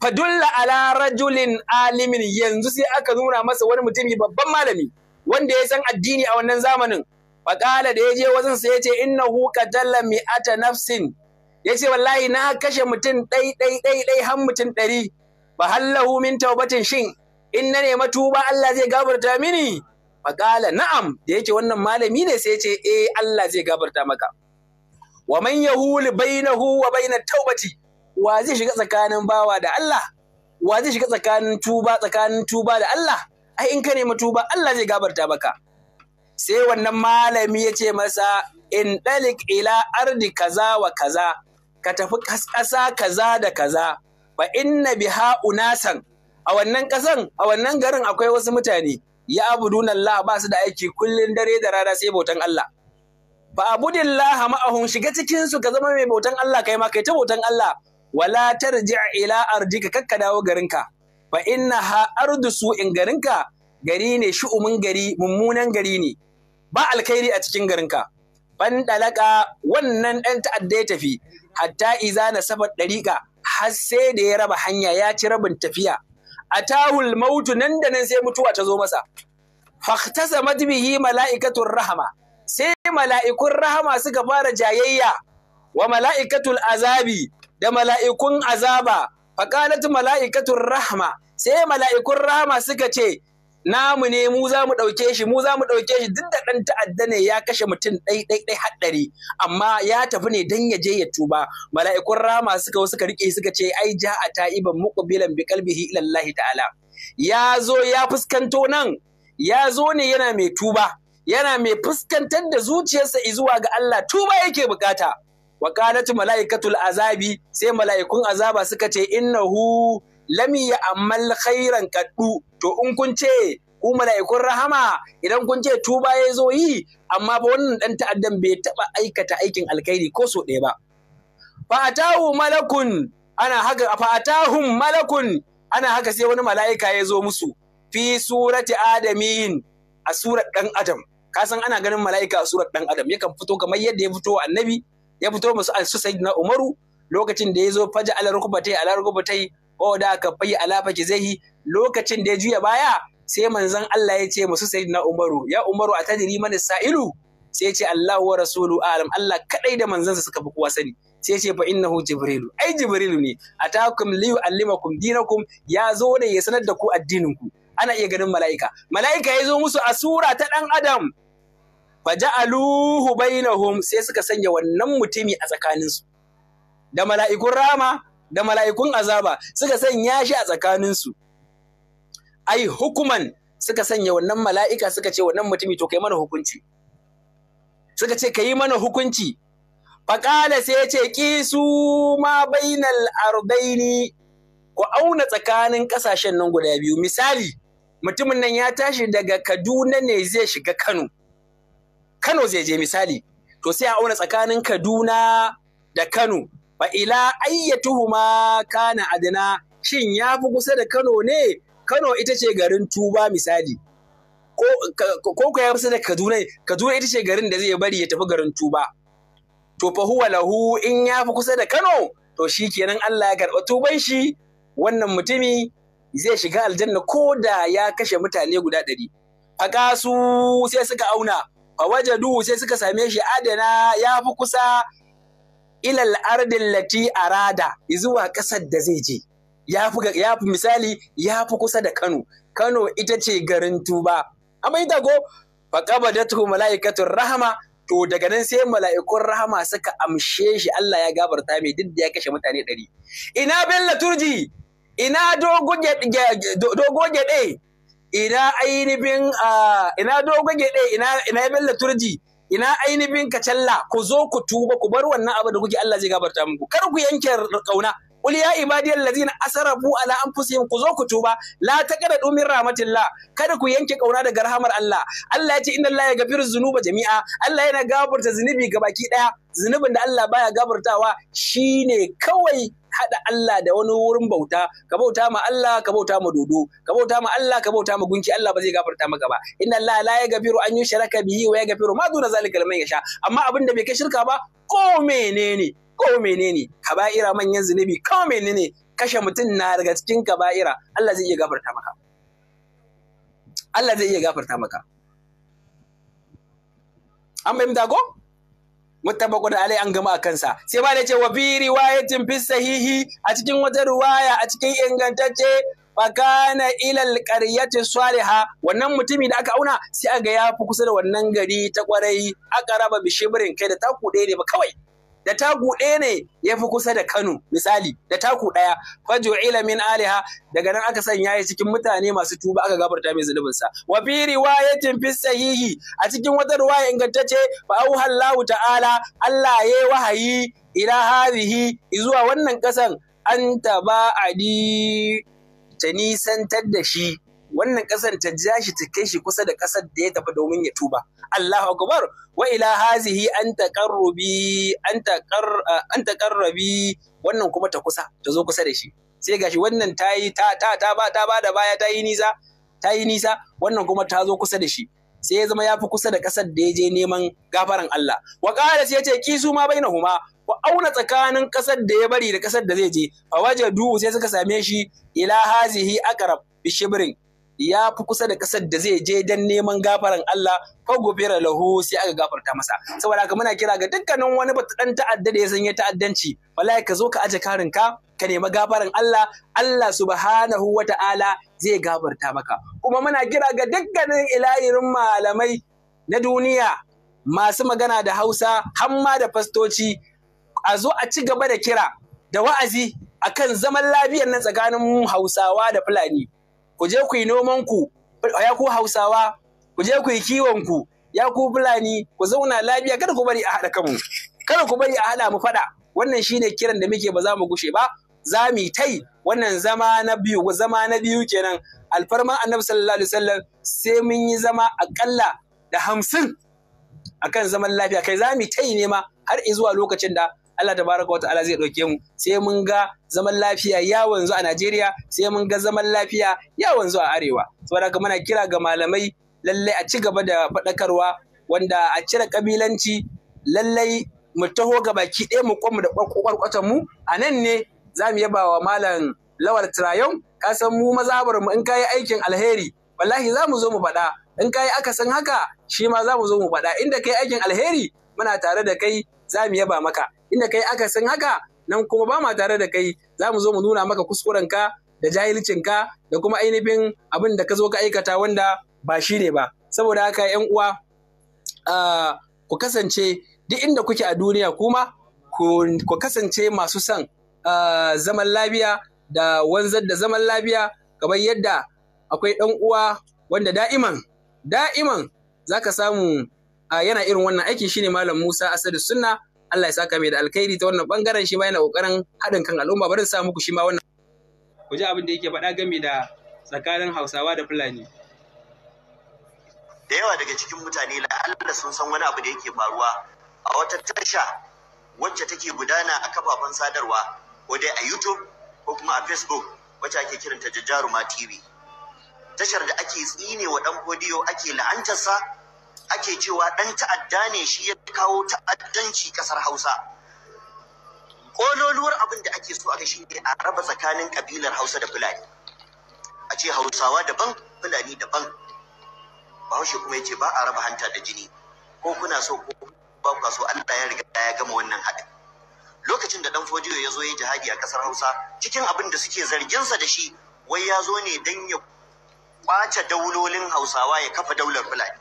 A: fadulla ala rajulin alimin yanzu sai aka nuna masa wani mutumi babban malami wanda ya san addini a wannan zamanin faqala da yaje wajen sa yace innahu qatala mi'ata nafsin yace wallahi na kashe mutum dai dai dai dai har mutum ɗari fa hallahu min tawbatin shin in na nema tuba Allah zai gabarta mini faqala na'am da yake wannan malami ne sai yace eh Allah zai gabarta maka wa man na bainahu wa bainat tawbati wa zai shiga tsakanin bawa da Allah wa zai shiga tsakanin tuba tsakanin tuba da Allah ai in ka nemi tuba Allah zai gabarta baka sai wannan malami ya ce masa in dalik ila ardi kaza wa kaza ka tafi kasa kaza da kaza fa inna biha unasan a wannan ƙasan a wannan garin akwai wasu mutane ya abuduna Allah ba su da aiki kullun dare da rana sai bautan Allah fa abudillah ma'ahum shiga cikin su ka zama mai bautan Allah kai ma kai ta bautan Allah wala tarji ila ka, kakka dawo garinka fa innaha su in garinka gari ne shu'umin gari mummunan gari ne ba alkhairi a cikin garinka ban dalaka wannan dan ta'adda ya tafi hatta iza na sabar dariƙa har sai da ya raba hanya ya ci rabin tafiya atahul mautu nan da nan sai mutuwa ta zo masa fahtasa bihi mala'ikatun rahama sai mala'ikun rahama suka fara jayayya wa mala'ikatul azabi da mala'ikun azaba faƙalatu mala'ikatun rahma sai mala'ikun rahma suka ce namu ne mu za mu ɗauke shi mu za mu ɗauke shi duk da ɗan ta'adda ne ya kashe mutum ɗai ɗai ɗai haɗari amma ya tafi ne don ya je ya tuba mala'ikun rama suka suka rike suka ce ai ja a ta'iban muqbilan bi qalbihi ila ta'ala ya zo ya fuskanto nan ya zo ne yana mai tuba yana mai fuskantar da zuciyarsa zuwa ga Allah tuba yake bukata wa malaikatul azabi sai malaikun azaba suka ce innahu lam amal khairan kaddu to in kun ce ku mala'ikun rahama idan kun ce tuba ya zo yi amma ba wannan dan ta'addan bai taba aikata aikin alkhairi ko so ɗaya ba atahu malakun ana haka malakun ana haka sai wani mala'ika ya zo musu fi surati adamin a surar dan adam ka ana ganin mala'ika a surar dan adam yakan fito kamar yadda ya fito annabi ya fito musu su sayyidina umaru lokacin da ya zo faja ala rukubatai ala rukubatai o da ka fayi ala faki zai lokacin da ya juya baya sai manzon Allah ya ce musu na umaru ya umaru a tajiri mana sa'ilu sai ya ce Allahu wa rasulu alam Allah kadai da manzansa suka fi kowa sani sai ce fa innahu jibrilu ai jibrilu ne atakum li yuallimakum dinakum ya zo ne ya sanar da ku addinin ku ana iya ganin mala'ika mala'ika ya zo musu a sura ta dan adam faja'aluhu bainahum sai suka sanya wannan mutumi a tsakaninsu da mala'ikun rama da mala'ikun azaba suka sanya shi a tsakaninsu ai hukuman suka sanya wannan mala'ika suka ce wannan mutumi to kai mana hukunci suka ce ka yi mana hukunci faƙala sai ya ce kisu ma bainal ardaini ku auna tsakanin ƙasashen nan guda biyu misali mutumin nan ya tashi daga kaduna ne zai shiga kano Kano zai je misali to sai a auna tsakanin Kaduna da Kano ba ila ayyatuhuma kana adana shin ya fi kusa da Kano ne Kano ita ce garin Tuba misali ko ku ya kusa da Kaduna Kaduna ita ce garin da zai bari ya tafi garin Tuba to fa huwa lahu in ya fi kusa da Kano to shi kenan Allah ya karɓa tuban shi wannan mutumi zai shiga aljanna ko da ya kashe mutane guda ɗari. A ƙasu sai suka auna duhu sai suka same shi adana ya fi kusa ilal ardin lati rada zuwa ƙasar da zai je ya fi misali ya fi kusa da Kano Kano ita ce garin Tuba amma ita ko faqabadatu malaikatu rahama to daga nan sai mala'ikun rahama suka amshe shi Allah ya gabarta mai duk da ya kashe mutane ɗari ina bin laturji? ina dogo gyaɗe ina ainihin ina dogon gede ina yabin laturji ina ainihin kacalla ku zo ku tuba ku bar wannan abu da kuke Allah zai gabarta muku kar ku yanke kauna قل يا عبادي الذين اسرفوا على انفسهم ku توبا لا تقنطوا من رحمه الله kada ku yanke kauna daga rahamar Allah Allah ya ce inna Allah ya gafiru zunuba jami'a Allah yana gafarta zunubi gabaki daya zunubin da Allah baya gafartawa shine kawai Hada Allah da wani wurin bauta ka bauta ma Allah ka bauta ma dodo ka bauta ma Allah ka bauta ma gunki Allah ba zai gafarta maka ba inna Allah la gafiru an yushraka bihi wa gafiru ma duna zalika liman yasha amma abin da bai kai shirka ba ko menene ko menene kaba'ira manyan zunubi ko menene kashe mutum na daga cikin kaba'ira Allah zai iya gafarta maka Allah zai iya gafarta maka an fahimta ko muttafaqun alai an gama a kansa sai ba da ce wa bi riwayatin fi sahihi a cikin wata riwaya a cikin ingantacce fakana ilal qaryati swaliha wannan mutumi da aka auna sai aga ya fi kusa da wannan gari ta kwarai aka raba bishibrin kai da taku ɗaya ne ba kawai da tagu ɗaya ne ya fi kusa da Kano misali da taku ɗaya fajo ilamin aliha daga nan aka sanya ya cikin mutane masu tuba aka gabarta mai zunubin sa wa fi riwayatin fi sahihi a cikin wata riwaya ingantacce fa auhallahu ta'ala Allah ya wahayi ila hadhihi Izuwa wannan kasan an taba adi ta nisantar da shi wannan ƙasar ta ja shi ta kai shi kusa da ƙasar da ya tafi domin ya tuba Allahu akbar wa ila hazihi an taqarrubi an wannan kuma ta kusa ta zo kusa da shi sai gashi wannan ta yi ta ta ba da baya ta yi nisa ta yi nisa wannan kuma ta zo kusa da shi sai ya zama ya fi kusa da ƙasar da ya je neman gafaran Allah. Wa ƙara sai ya ce kisu ma bai na huma ku auna tsakanin ƙasar da ya bari da ƙasar da zai je. Fa waje duhu sai suka same shi ila hazihi akarab bi ya fi kusa da kasar da zai je dan neman gafaran Allah gobe gobera lahu sai aka gafarta masa saboda haka muna kira ga dukkanin wani bata dan ta'adda da ya san ya ta'addanci wallahi ka zo ka aje karin ka ka nemi gafaran Allah Allah subhanahu wa zai gafarta maka kuma muna kira ga dukkanin ilahirin malamai na duniya masu magana da Hausa hamma da fastoci a zo a ci gaba da kira da wa'azi akan zaman lafiyar nan tsakanin Hausawa da Fulani ku je ku yi noman ku ya ku Hausawa ku je ku yi kiwon ku ya ku Fulani ku zauna lafiya kada ku bari a haɗa kanmu kada ku bari a haɗa mu faɗa wannan shine kiran da muke ba za mu gushe ba za mu tai wannan zama na biyu zama na biyu kenan alfarma annabi sallallahu alaihi wasallam sai mun yi zama akalla da hamsin akan zaman lafiya kai za mu tai ne ma har zuwa lokacin da Allah tabaraka ala zai ɗauke mu sai mun ga zaman lafiya ya wanzu a Najeriya sai mun ga zaman lafiya ya wanzu a arewa saboda haka muna kira ga malamai lallai a ci gaba da faɗakarwa wanda a cire kabilanci lallai mu taho ga baki ɗaya mu kwamu da kwarkwatan mu a nan ne za mu yaba wa malam lawal trayon ka san mu mazabar mu in kayi aikin alheri wallahi za mu zo mu faɗa in kayi san haka shi ma za mu zo mu faɗa inda kai aikin alheri muna tare da kai za mu yaba maka inda kai aka san haka nan kuma ba ma tare da kai za mu zo mu nuna maka kuskurenka da jahilcinka da kuma ainihin abin da ka zo ka aikata wanda ba shi ne ba saboda haka yan uwa ku kasance duk inda kuke a duniya kuma ku kasance masu son zaman lafiya da wanzar da zaman lafiya kamar yadda akwai ɗan uwa wanda da'iman da'iman za ka samu yana irin wannan aiki shine malam musa asadu sunna Allah ya saka mai da alkhairi ta wannan bangaren shi ma yana kokarin haɗin kan al'umma bari sa muku shi ma wannan ku ji abin da yake faɗa game da tsakanin Hausawa da Fulani
D: da yawa daga cikin mutane Allah sun san wani abu da yake faruwa a wata tasha wacce take gudana a kafafen sadarwa ko dai a YouTube ko kuma a Facebook wacce ake kiranta Jajjaruma TV tashar da ake tsine wa dan fodiyo ake la'antarsa ake cewa ɗan ta'adda ne shi ya kawo ta'addanci ƙasar Hausa. Ƙololuwar abin da ake so a shi ne a raba tsakanin ƙabilar Hausa da Fulani. A ce Hausawa daban, Fulani daban. Bahaushe kuma ya ce ba a raba hanta da jini. Ko kuna so ko ba ku so Allah ya riga ya gama wannan haɗin. Lokacin da ɗan Fojiyo ya zo ya jihadi a ƙasar Hausa, cikin abin da suke zarginsa da shi, wai ya zo ne don ya kwace daulolin Hausawa ya kafa daular Fulani.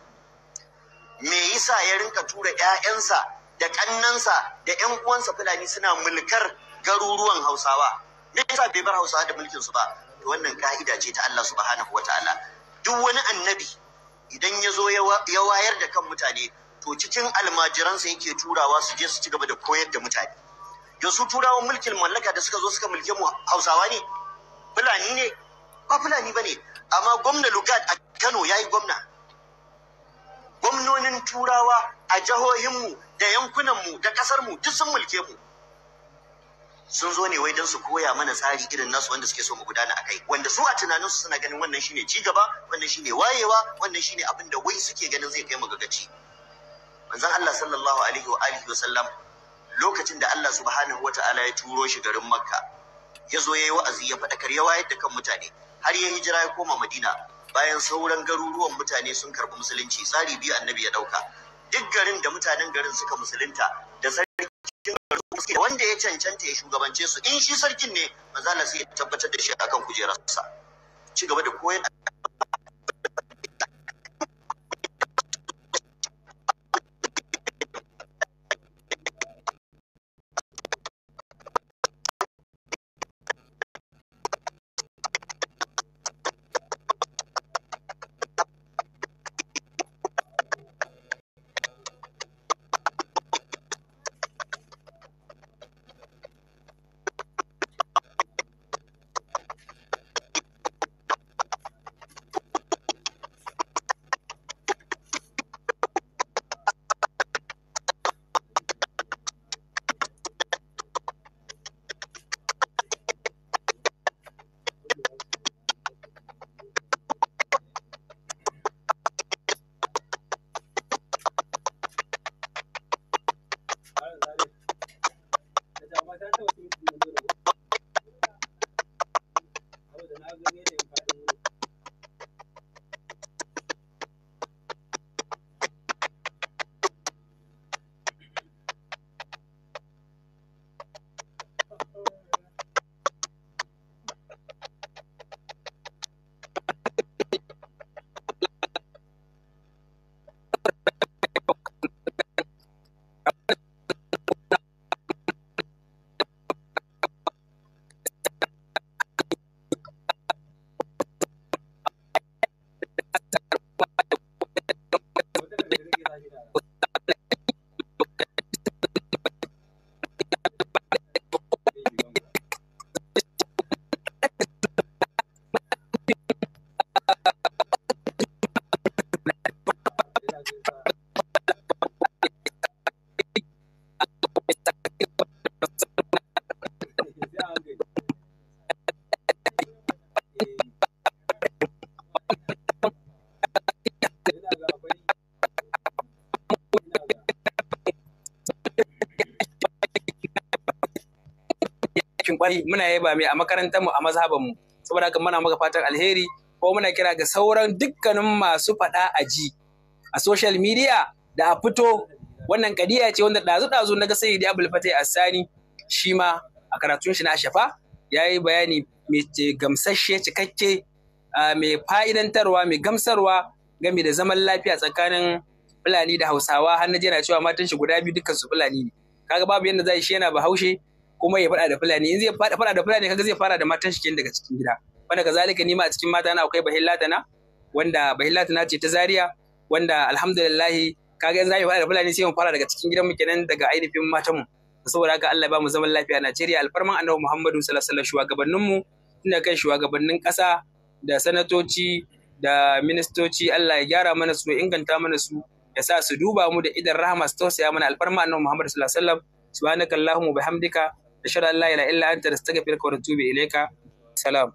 D: me yasa ya rinka tura ƴaƴansa da ƙannansa da ƴan uwansa fulani suna mulkar garuruwan hausawa me yasa bai bar hausawa da mulkin su ba to wannan ka'ida ce ta Allah subhanahu wataala duk wani annabi idan ya zo ya wayar da kan mutane to cikin almajiransa yake turawa su je su ci gaba da koyar da mutane da su turawan mulkin mallaka da suka zo suka mulke mu hausawa ne fulani ne ba fulani ba ne amma gwamna lugat a kano ya yi gwamna gwamnonin turawa a jihohinmu da yankunanmu da ƙasarmu duk sun mulke mu sun zo ne wai don su koya mana tsari irin nasu wanda suke so mu gudana a kai wanda su a tunaninsu suna ganin wannan shine ci gaba wannan shine wayewa wannan shine abin da wai suke ganin zai kai mu ga manzon Allah sallallahu alaihi wa alihi wa sallam lokacin da Allah subhanahu wa ta'ala ya turo shi garin Makka ya zo yayi wa'azi ya faɗakar ya wayar da kan mutane har ya hijira ya koma Madina bayan sauran garuruwan mutane sun karbi musulunci tsari biyu annabi ya ɗauka duk garin da mutanen garin suka musulunta da sarkin garin wanda ya cancanta ya shugabance su in shi sarkin ne maza sai ya tabbatar da shi akan kujerarsa ci gaba da koyar
A: kwari muna yaba mai a makarantar mu a mazhaban mu saboda haka muna maka fatan alheri ko muna kira ga sauran dukkanin masu faɗa a ji a social media da a fito wannan kadiya ce wanda ɗazu ɗazu na ga sayyidi abul fatai Sani. shi ma a karatun shi na shafa yayi bayani mai gamsasshe cikakke mai fa'idantarwa mai gamsarwa game da zaman lafiya tsakanin fulani da hausawa har na yana cewa matan shi guda biyu dukkan su fulani ne kaga babu yadda zai shi yana bahaushe kuma ya faɗa da fulani in zai faɗa da fulani kaga zai fara da matan shi daga cikin gida wanda kazalika ni ma a cikin mata na akwai bahillatana wanda bahillatana ce ta zaria wanda alhamdulillah kaga yanzu zai fada da fulani sai mu fara daga cikin gidan mu kenan daga ainihin matan mu saboda haka Allah ba mu zaman lafiya a Najeriya alfarman Annabi Muhammadu sallallahu alaihi wasallam shugabannin mu tunda kan shugabannin ƙasa da sanatoci da ministoci Allah ya gyara mana su ya inganta mana su ya sa su duba mu da idan rahama su tausaya mana alfarma Annabi Muhammadu sallallahu alaihi wasallam subhanakallahumma bihamdika ashhadu an la ilaha illa anta astaghfiruka wa atubu ilaika salam